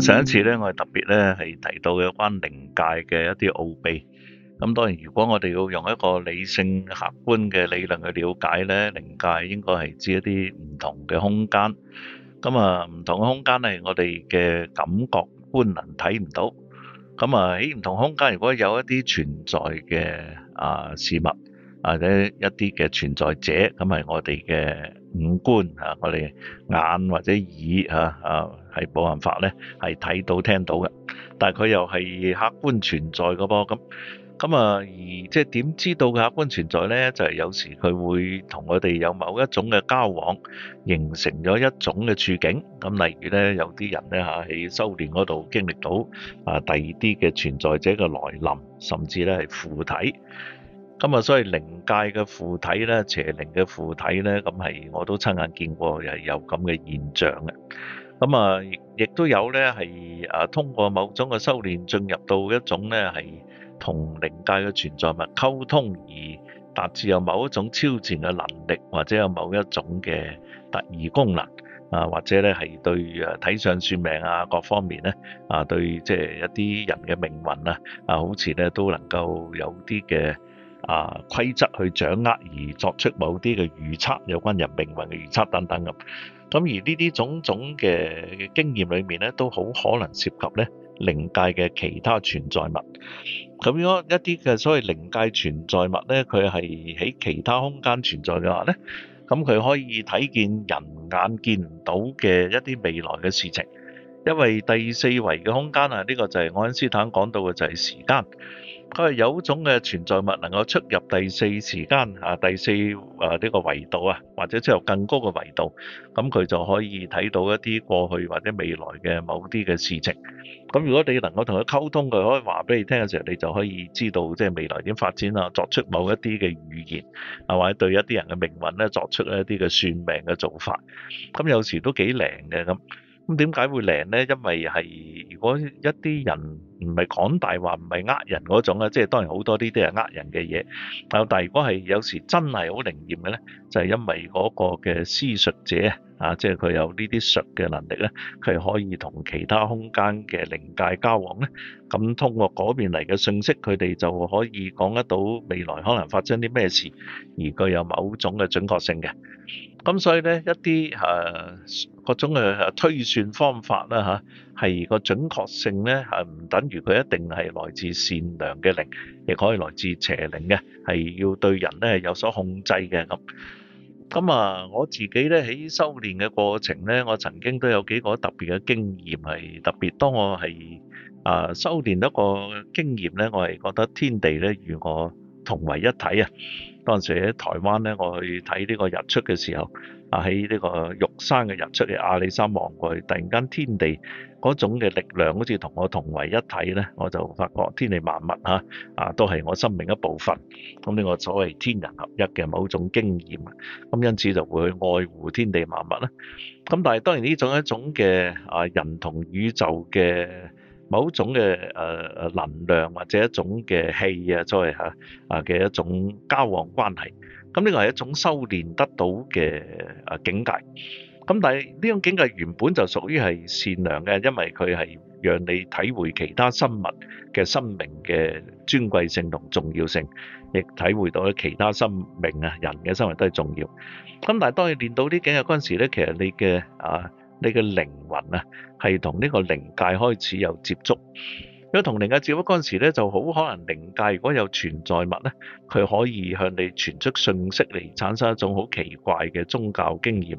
嗯、上一次咧，我係特別咧係提到有關靈界嘅一啲奧秘。咁當然，如果我哋要用一個理性、客觀嘅理論去了解咧，靈界應該係指一啲唔同嘅空間。咁啊，唔同嘅空間係我哋嘅感覺官能睇唔到。咁啊，喺唔同的空間，如果有一啲存在嘅啊事物，或者一啲嘅存在者，咁係我哋嘅五官啊，我哋眼或者耳嚇啊，係冇辦法咧，係睇到聽到嘅。但係佢又係客觀存在嘅噃。咁咁啊，而即係點知道佢客觀存在咧？就係、是、有時佢會同我哋有某一種嘅交往，形成咗一種嘅處境。咁例如咧，有啲人咧嚇喺修煉嗰度經歷到啊第二啲嘅存在者嘅來臨，甚至咧係附體。咁啊，所以靈界嘅附體咧，邪靈嘅附體咧，咁係我都親眼見過，係有咁嘅現象嘅。咁啊，亦都有咧，係啊，通過某種嘅修練，進入到一種咧係同靈界嘅存在物溝通，而達至有某一種超前嘅能力，或者有某一種嘅特異功能啊，或者咧係對啊睇相算命啊各方面咧啊，對即係一啲人嘅命運啊啊，好似咧都能夠有啲嘅。啊規則去掌握而作出某啲嘅預測，有關人命運嘅預測等等咁。咁而呢啲種種嘅嘅經驗裏面咧，都好可能涉及咧靈界嘅其他存在物。咁如果一啲嘅所謂靈界存在物咧，佢係喺其他空間存在嘅話咧，咁佢可以睇見人眼見唔到嘅一啲未來嘅事情，因為第四維嘅空間啊，呢、這個就係愛因斯坦講到嘅就係時間。佢係有一種嘅存在物，能夠出入第四時間啊、第四啊呢個維度啊，或者之後更高嘅維度，咁佢就可以睇到一啲過去或者未來嘅某啲嘅事情。咁如果你能夠同佢溝通，佢可以話俾你聽嘅時候，你就可以知道即係未來點發展啊，作出某一啲嘅預言啊，或者對一啲人嘅命運咧作出一啲嘅算命嘅做法。咁有時都幾靈嘅咁。咁點解會靈呢？因為係如果一啲人唔係講大話，唔係呃人嗰種咧，即係當然好多啲都係呃人嘅嘢。啊，但如果係有時真係好靈驗嘅呢，就係因為嗰個嘅施術者啊，即係佢有呢啲術嘅能力咧，佢可以同其他空間嘅靈界交往咧，咁通過嗰邊嚟嘅信息，佢哋就可以講得到未來可能發生啲咩事，而具有某種嘅準確性嘅。咁所以咧，一啲誒各種嘅推算方法啦，吓，係個準確性咧，係唔等於佢一定係來自善良嘅靈，亦可以來自邪靈嘅，係要對人咧有所控制嘅咁。咁啊，我自己咧喺修煉嘅過程咧，我曾經都有幾個特別嘅經驗係特別。當我係啊修煉一個經驗咧，我係覺得天地咧與我同為一體啊！當時喺台灣咧，我去睇呢個日出嘅時候，啊喺呢個玉山嘅日出嘅阿里山望過去，突然間天地嗰種嘅力量，好似同我同為一體咧，我就發覺天地萬物吓、啊，啊都係我生命一部分，咁呢個所謂天人合一嘅某種經驗，咁因此就會去愛護天地萬物啦、啊。咁但係當然呢種一種嘅啊人同宇宙嘅。某種嘅誒能量或者一種嘅氣啊，所謂啊嘅一種交往關係，咁呢個係一種修練得到嘅啊境界。咁但係呢種境界原本就屬於係善良嘅，因為佢係讓你體會其他生物嘅生命嘅尊貴性同重要性，亦體會到其他生命啊人嘅生命都係重要。咁但係當你練到呢境界嗰陣時咧，其實你嘅啊。你嘅靈魂啊，係同呢個靈界開始有接觸。因為同靈界接觸嗰陣時咧，就好可能靈界如果有存在物咧，佢可以向你傳出信息嚟，產生一種好奇怪嘅宗教經驗。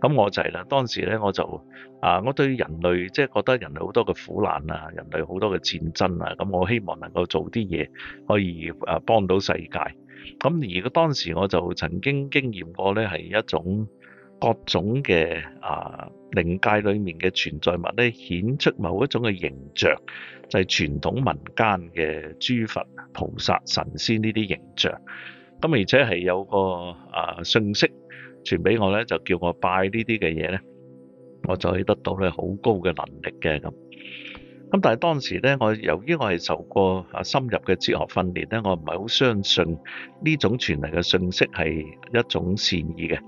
咁我就係啦，當時咧我就啊，我對人類即係、就是、覺得人類好多嘅苦難啊，人類好多嘅戰爭啊，咁我希望能夠做啲嘢可以啊幫到世界。咁而如果當時我就曾經經驗過咧，係一種。各種嘅啊靈界裏面嘅存在物咧，顯出某一種嘅形象，就係、是、傳統民間嘅諸佛、菩薩、神仙呢啲形象。咁、嗯、而且係有個啊信息傳俾我咧，就叫我拜這些東西呢啲嘅嘢咧，我就可以得到咧好高嘅能力嘅咁。咁但係當時咧，我由於我係受過啊深入嘅哲學訓練咧，我唔係好相信呢種傳嚟嘅信息係一種善意嘅。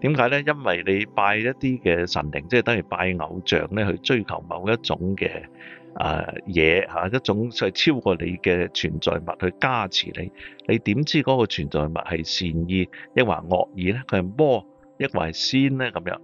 點解咧？因為你拜一啲嘅神靈，即係等於拜偶像咧，去追求某一種嘅嘢吓，一種超過你嘅存在物去加持你。你點知嗰個存在物係善意，抑或惡意咧？佢係魔。一個係仙咧咁樣，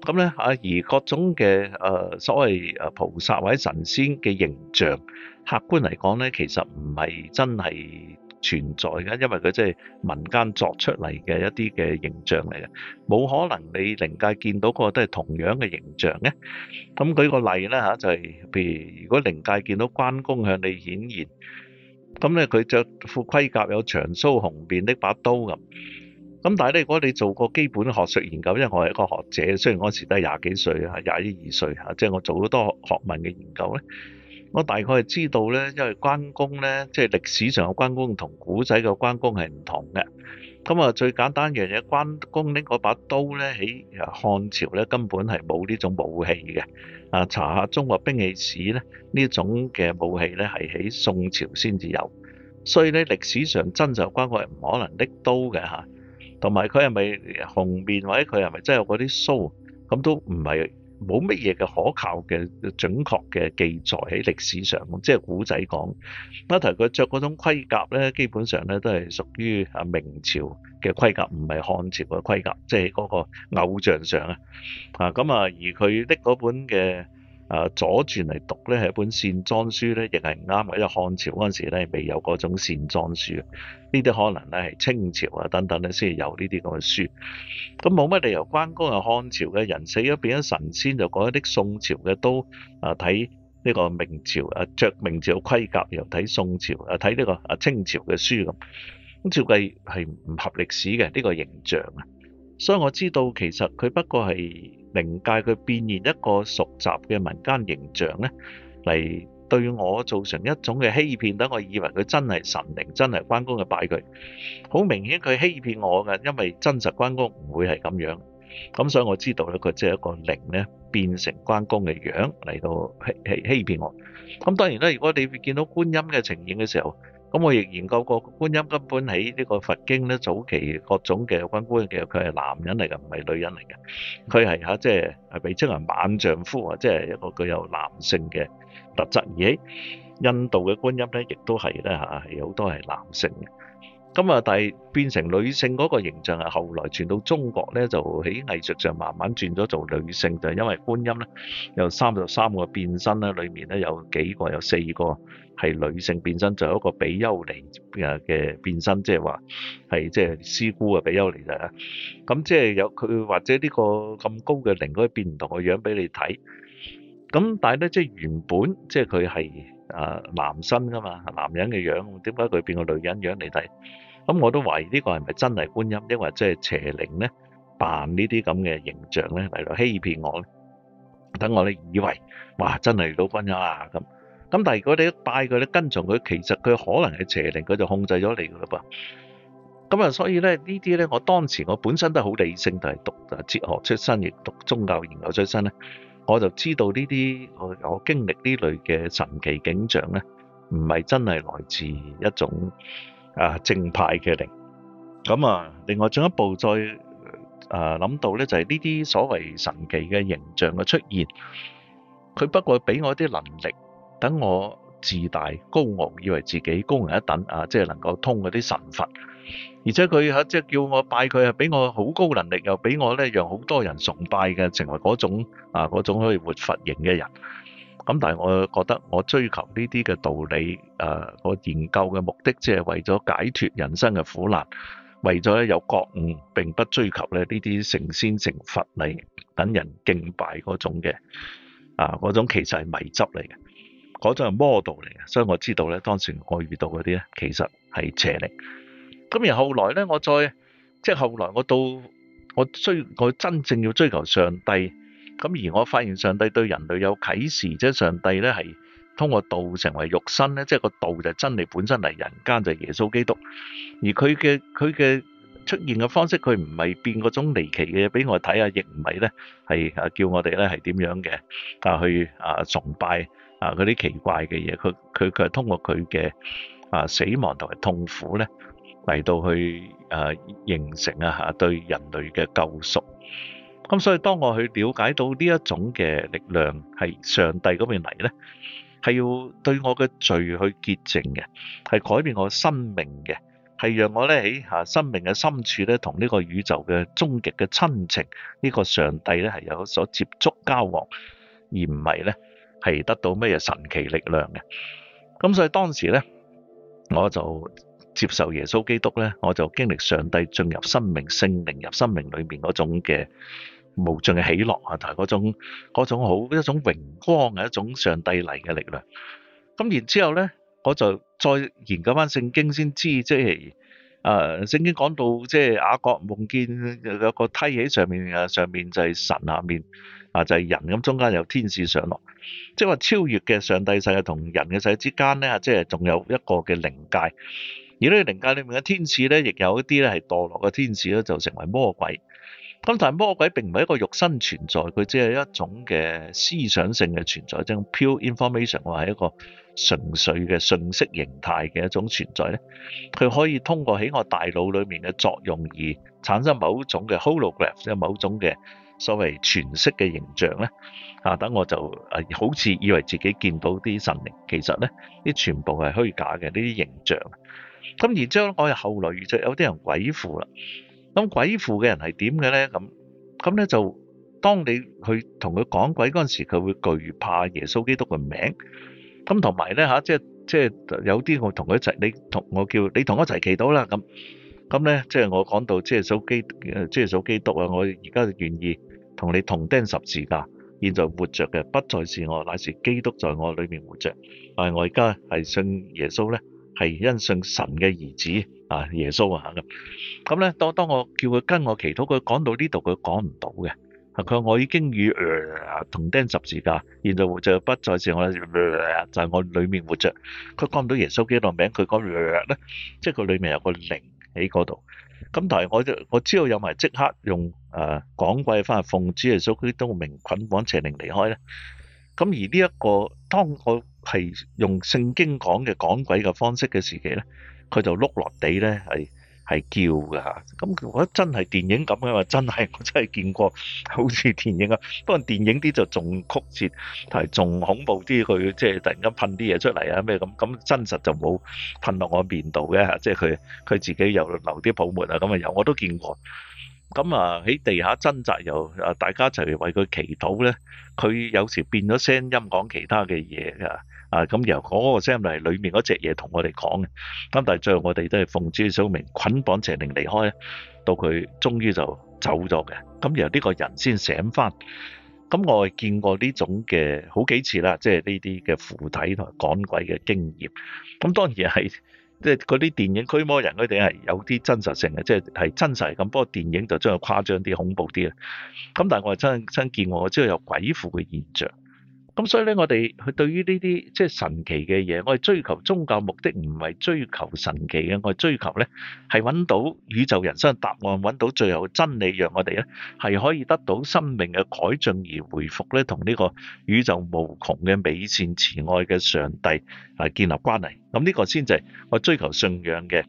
咁咧啊而各種嘅誒所謂誒菩薩或者神仙嘅形象，客觀嚟講咧，其實唔係真係存在嘅，因為佢即係民間作出嚟嘅一啲嘅形象嚟嘅，冇可能你靈界見到個都係同樣嘅形象嘅。咁舉個例啦嚇，就係譬如如果靈界見到關公向你顯現，咁咧佢著副盔甲，有長須紅面，拎把刀咁。咁但係咧，如果你做過基本學術研究，因為我係一個學者，雖然嗰時都係廿幾歲啊，廿一二歲啊，即係我做好多學問嘅研究咧，我大概係知道咧，因為關公咧，即係歷史上嘅關公同古仔嘅關公係唔同嘅。咁啊，最簡單樣嘢，關公拎嗰把刀咧，喺漢朝咧根本係冇呢種武器嘅。啊，查下《中國兵器史》咧，呢種嘅武器咧係喺宋朝先至有，所以咧歷史上真就關公係唔可能拎刀嘅嚇。同埋佢係咪紅面或者佢係咪真係有嗰啲鬚，咁都唔係冇乜嘢嘅可靠嘅準確嘅記載喺歷史上，即係古仔講。但係佢着嗰種盔甲咧，基本上咧都係屬於啊明朝嘅盔甲，唔係漢朝嘅盔甲，即係嗰個偶像上啊。啊咁啊，而佢拎嗰本嘅啊左轉嚟讀咧係一本線裝書咧，亦係唔啱，因為漢朝嗰陣時咧未有嗰種線裝書，呢啲可能咧係清朝啊等等咧先有呢啲咁嘅書。咁冇乜理由關公係漢朝嘅人死咗變咗神仙就講一啲宋朝嘅都，啊睇呢個明朝啊，著明朝嘅盔甲，又睇宋朝啊，睇呢個啊清朝嘅書咁。咁照計係唔合歷史嘅呢個形象啊！所以我知道其實佢不過係靈界佢變現一個熟習嘅民間形象咧，嚟對我造成一種嘅欺騙，等我以為佢真係神靈，真係關公嘅擺佢。好明顯佢欺騙我㗎，因為真實關公唔會係咁樣。咁所以我知道咧，佢即係一個靈咧變成關公嘅樣嚟到欺欺欺騙我。咁當然啦，如果你見到觀音嘅情形嘅時候。咁我亦研究過，觀音根本喺呢個佛經咧，早期各種嘅觀音其實佢係男人嚟㗎，唔係女人嚟嘅。佢係吓，即係係被稱為猛丈夫啊，即係一個具有男性嘅特質。而喺印度嘅觀音咧，亦都係咧吓，係好多係男性嘅。咁啊！但係變成女性嗰個形象係後來傳到中國咧，就喺藝術上慢慢轉咗做女性，就係因為觀音咧有三十三個變身啦，裡面咧有幾個有四個係女性變身，就有一個比丘尼嘅變身，即係話係即係師姑啊，比丘尼啊。咁即係有佢或者呢個咁高嘅靈可變唔同嘅樣俾你睇。咁但係咧，即係原本即係佢係啊男生噶嘛，男人嘅樣，點解佢變個女人樣嚟睇？咁我都懷疑呢個係咪真係觀音，定係即係邪靈咧扮呢啲咁嘅形象咧嚟到欺騙我咧，等我咧以為哇真係遇到觀音啊咁。咁但係如果你一拜佢咧，你跟從佢，其實佢可能係邪靈，佢就控制咗你噶嘞噃。咁啊，所以咧呢啲咧，我當時我本身都係好理性，就係讀哲學出身，亦讀宗教研究出身咧，我就知道呢啲我我經歷呢類嘅神奇景象咧，唔係真係來自一種，啊，正派嘅靈，咁啊，另外進一步再啊諗到咧，就係呢啲所謂神奇嘅形象嘅出現，佢不過俾我啲能力，等我自大高傲，以為自己高人一等啊，即係能夠通嗰啲神佛，而且佢吓即係叫我拜佢啊，俾我好高能力，又俾我咧讓好多人崇拜嘅，成為嗰種啊嗰種可以活佛型嘅人。咁但係我覺得我追求呢啲嘅道理，誒，我研究嘅目的即係為咗解脫人生嘅苦難，為咗有覺悟，並不追求咧呢啲成仙成佛嚟等人敬拜嗰種嘅，啊，嗰種其實係迷執嚟嘅，嗰種係魔道嚟嘅，所以我知道咧當時我遇到嗰啲咧其實係邪靈。咁然後來咧我再即係後來我到我追我真正要追求上帝。咁而我發現上帝對人類有啟示即係，上帝咧係通過道成為肉身咧，即係個道就真理本身嚟人間就係耶穌基督，而佢嘅佢嘅出現嘅方式，佢唔係變嗰種離奇嘅嘢俾我睇下，亦唔係咧係啊叫我哋咧係點樣嘅啊去啊崇拜啊嗰啲奇怪嘅嘢，佢佢佢係通過佢嘅啊死亡同埋痛苦咧嚟到去形成啊對人類嘅救贖。咁所以當我去了解到呢一種嘅力量係上帝嗰邊嚟咧，係要對我嘅罪去潔淨嘅，係改變我生命嘅，係讓我咧喺吓生命嘅深處咧，同呢個宇宙嘅終極嘅親情呢、呢個上帝咧係有所接觸交往，而唔係咧係得到咩神奇力量嘅。咁所以當時咧，我就接受耶穌基督咧，我就經歷上帝進入生命、聖靈入生命裏面嗰種嘅。無盡嘅喜樂啊，同、就、嗰、是、種嗰種好一種榮光嘅一種上帝嚟嘅力量。咁然之後咧，我就再研究翻聖經先知，即係誒、啊，聖經講到即係雅各夢見有個梯喺上面啊，上面就係神，下面啊就係、是、人，咁中間有天使上落，即係話超越嘅上帝世界同人嘅世界之間咧，即係仲有一個嘅靈界。而呢個靈界裏面嘅天使咧，亦有一啲咧係墮落嘅天使咧，就成為魔鬼。咁但係魔鬼並唔係一個肉身存在，佢只係一種嘅思想性嘅存在，即係 pure information，我係一個純粹嘅信息形態嘅一種存在咧。佢可以通過喺我大腦裏面嘅作用而產生某種嘅 holograph，即係某種嘅所謂全息嘅形象咧。啊，等我就誒好似以為自己見到啲神靈，其實咧啲全部係虛假嘅呢啲形象。咁然之後我又後來遇着有啲人鬼附啦。咁鬼附嘅人係點嘅咧？咁咁咧就當你去同佢講鬼嗰陣時，佢會懼怕耶穌基督嘅名。咁同埋咧吓，即係即係有啲我同佢一齊，你同我叫你同我一齊祈禱啦。咁咁咧，即係我講到即係守基，即係守基督啊！我而家就願意同你同釘十字架，現在活着嘅不再是我，乃是基督在我裏面活着。係我而家係信耶穌咧。係因信神嘅兒子穌啊，耶穌啊咁。咁咧，當當我叫佢跟我祈禱，佢講到呢度佢講唔到嘅。佢話我已經與同釘十字架，現在活着不再是我，就係我裡面活着。佢講唔到耶穌幾多個名，佢講呢，即係佢裡面有個靈喺嗰度。咁但係我就我知道有埋即刻用誒講、呃、鬼翻去奉主耶穌基督名捆綁邪靈離開咧。咁而呢、這、一個，當我係用聖經講嘅講鬼嘅方式嘅時期咧，佢就碌落地咧，係係叫㗎。嚇。咁我覺得真係電影咁嘅話，真係我真係見過，好似電影啊。不過電影啲就仲曲折同係仲恐怖啲，佢即係突然間噴啲嘢出嚟啊咩咁。咁真實就冇噴落我面度嘅，即係佢佢自己又留啲泡沫啊咁啊又我都見過。咁啊喺地下掙扎又啊，大家一齊為佢祈禱咧，佢有時變咗聲音講其他嘅嘢噶，啊咁由嗰個聲音嚟，裏面嗰隻嘢同我哋講嘅，咁但係最後我哋都係奉主聖名捆綁邪靈離開，到佢終於就走咗嘅，咁由呢個人先醒翻，咁我係見過呢種嘅好幾次啦，即係呢啲嘅附體同埋趕鬼嘅經驗，咁當然係。即係嗰啲電影《驅魔人》嗰啲係有啲真實性嘅，即係係真實咁。不過電影就真係誇張啲、恐怖啲啦。咁但係我係真真見過，我知道有鬼附嘅現象。咁所以咧，我哋佢對於呢啲即係神奇嘅嘢，我哋追求宗教目的唔係追求神奇嘅，我哋追求咧係揾到宇宙人生嘅答案，揾到最後嘅真理，讓我哋咧係可以得到生命嘅改進而回復咧，同呢個宇宙無窮嘅美善慈愛嘅上帝啊建立關係。咁呢個先至係我追求信仰嘅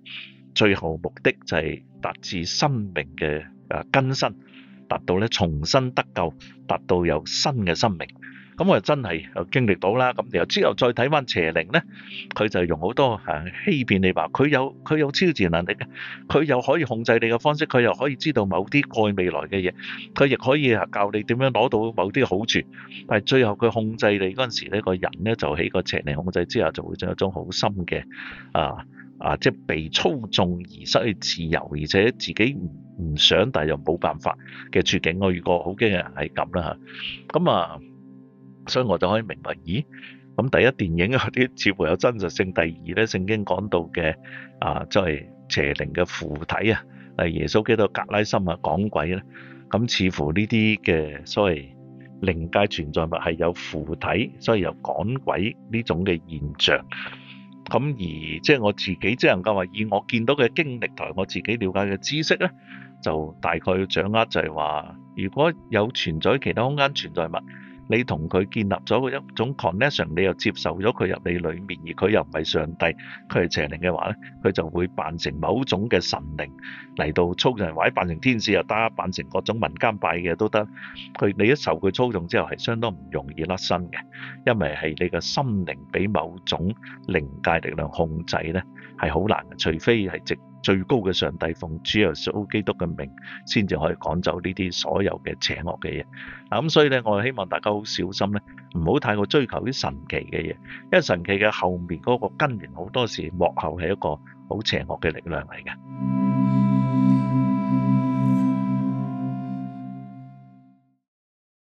最後目的，就係、是、達至生命嘅啊更新，達到咧重新得救，達到有新嘅生命。咁我真係又經歷到啦。咁然後之後再睇翻邪靈呢，佢就用好多啊欺騙你話佢有佢有超自然能力嘅，佢又可以控制你嘅方式，佢又可以知道某啲蓋未來嘅嘢，佢亦可以教你點樣攞到某啲好處。但係最後佢控制你嗰陣時，呢個人呢，就喺個邪靈控制之下，就會有一種好深嘅啊啊，即係被操縱而失去自由，而且自己唔想，但係又冇辦法嘅處境。我遇過好驚嘅人係咁啦咁啊～所以我就可以明白，咦？咁第一，電影啲似乎有真實性；第二咧，聖經講到嘅啊，即係邪靈嘅附體啊，誒耶穌基督格拉森啊趕鬼咧。咁似乎呢啲嘅所謂靈界存在物係有附體，所以有趕鬼呢種嘅現象。咁而即係我自己，即能夠話以我見到嘅經歷同埋我自己了解嘅知識咧，就大概要掌握就係話，如果有存在其他空間存在物。你同佢建立咗個一種 connection，你又接受咗佢入你裡面，而佢又唔係上帝，佢係邪靈嘅話咧，佢就會扮成某種嘅神靈嚟到操縱，或者扮成天使又得，扮成各種民間拜嘅都得。佢你一受佢操縱之後係相當唔容易甩身嘅，因為係你個心靈俾某種靈界力量控制咧，係好難嘅，除非係直。最高嘅上帝，奉主耶穌基督嘅名先至可以趕走呢啲所有嘅邪惡嘅嘢。嗱，咁所以咧，我希望大家好小心咧，唔好太過追求啲神奇嘅嘢，因為神奇嘅後面嗰個根源好多時幕後係一個好邪惡嘅力量嚟嘅。